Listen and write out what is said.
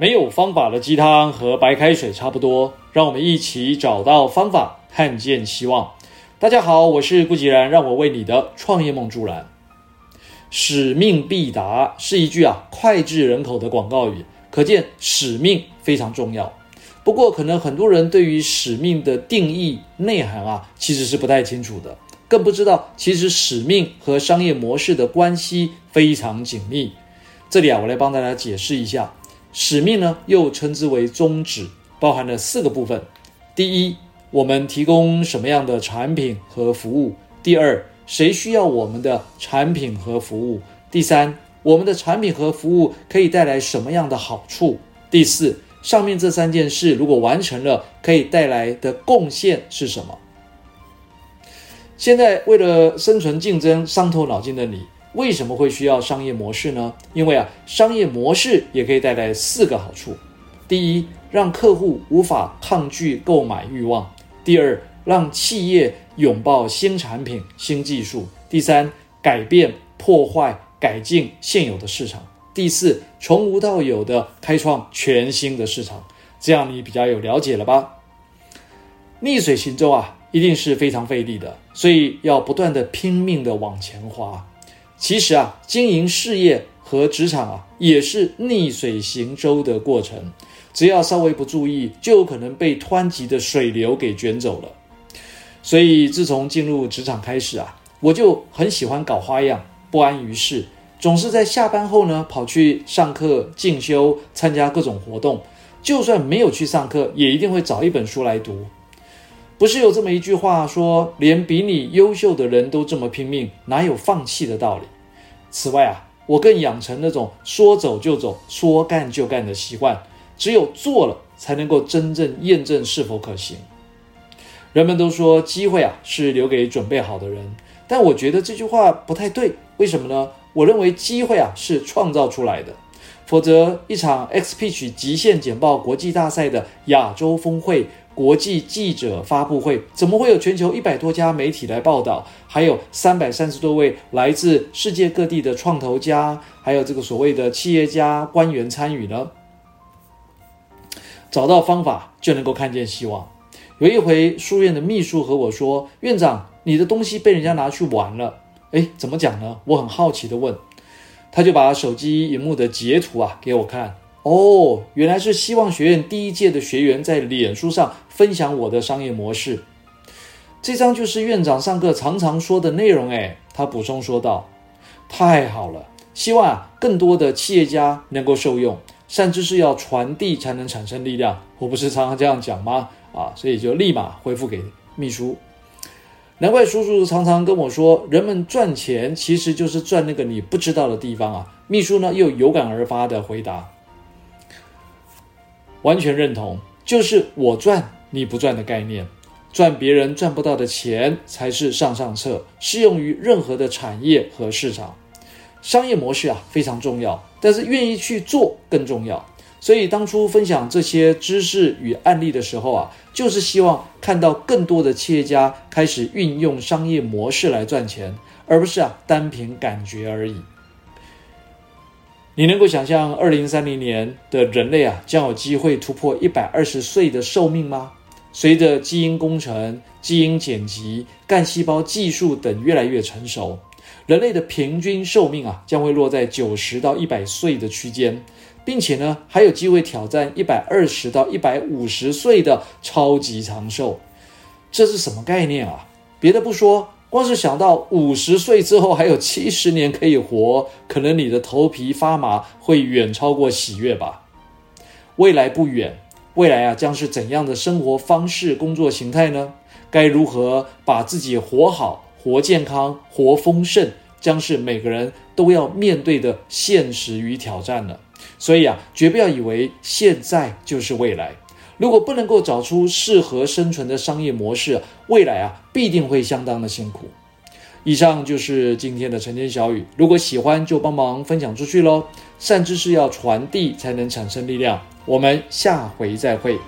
沒有方法的雞湯和白開水差不多，讓我們一起找到方法，看見希望。大家好，我是顧吉然，讓我為你的創業夢助燃。使命必達是一句啊膾炙人口的廣告語，可見使命非常重要。不過，可能很多人對於使命的定義內涵啊其實是不太清楚的，更不知道其實使命和商業模式的關係非常緊密。這裡啊，我來幫大家解釋一下。使命呢，又稱之為宗旨，包含了四個部分：第一，我們提供什麼樣的產品和服務；第二，誰需要我們的產品和服務；第三，我們的產品和服務可以帶來什麼樣的好處；第四，上面這三件事如果完成了，可以帶來的貢獻是什麼？現在為了生存競爭傷透腦筋的你。為什麼會需要商業模式呢？因為啊，商業模式也可以帶來四個好處：第一，讓客戶無法抗拒購買慾望；第二，讓企業擁抱新產品、新技術；第三，改變、破壞、改進現有的市場；第四，從無到有的開創全新的市場。這樣你比較有了解了吧？逆水行舟啊，一定是非常費力的，所以要不斷的拼命的往前划。其實啊，經營事業和職場啊，也是逆水行舟的過程。只要稍微不注意，就有可能被湍急的水流給捲走了。所以，自從進入職場開始啊，我就很喜歡搞花樣，不安於室，總是在下班後呢，跑去上課、進修、參加各種活動。就算沒有去上課，也一定會找一本書來讀。不是有這麼一句話說，連比你優秀的人都這麼拼命，哪有放棄的道理？此外啊，我更養成那種說走就走、說幹就幹的習慣，只有做了才能夠真正驗證是否可行。人們都說機會啊是留給準備好的人，但我覺得這句話不太對。為什麼呢？我認為機會啊是創造出來的，否則一場 X Pitch 極限簡報國際大賽的亞洲峰會。國際記者發布會怎麼會有全球一百多家媒體來報道？還有三百三十多位來自世界各地的創投家，還有這個所謂的企業家、官員參與呢？找到方法就能夠看見希望。有一回，書院的秘書和我說：“院長，你的東西被人家拿去玩了。”哎，怎麼講呢？我很好奇的問，他就把手機熒幕的截圖啊給我看。哦，原來是希望學院第一屆的學員在臉書上分享我的商業模式。這張就是院長上課常常說的內容。誒，他補充說道：“太好了，希望啊更多的企業家能夠受用，善知識要傳遞才能產生力量。我不是常常這樣講嗎？啊，所以就立馬回復給秘書。難怪叔叔常常跟我說，人們賺錢其實就是賺那個你不知道的地方啊。”秘書呢又有感而發的回答。完全認同，就是我賺你不賺的概念，賺別人賺不到的錢才是上上策，適用於任何的產業和市場。商業模式啊非常重要，但是願意去做更重要。所以當初分享這些知識與案例的時候啊，就是希望看到更多的企業家開始運用商業模式來賺錢，而不是啊單憑感覺而已。你能夠想象二零三零年的人類啊，將有機會突破一百二十歲的壽命嗎？隨着基因工程、基因剪輯、幹細胞技術等越來越成熟，人類的平均壽命啊，將會落在九十到一百歲的區間，並且呢，還有機會挑戰一百二十到一百五十歲的超級長壽。這是什麼概念啊？別的不說。光是想到五十歲之後還有七十年可以活，可能你的頭皮發麻會遠超過喜悅吧。未來不遠，未來啊將是怎樣的生活方式、工作形態呢？該如何把自己活好、活健康、活豐盛，將是每個人都要面對的現實與挑戰呢？所以啊，絕不要以為現在就是未來。如果不能夠找出適合生存的商業模式，未來啊必定會相當的辛苦。以上就是今天的晨間小語，如果喜歡就幫忙分享出去嘍，善知識要傳遞才能產生力量。我們下回再會。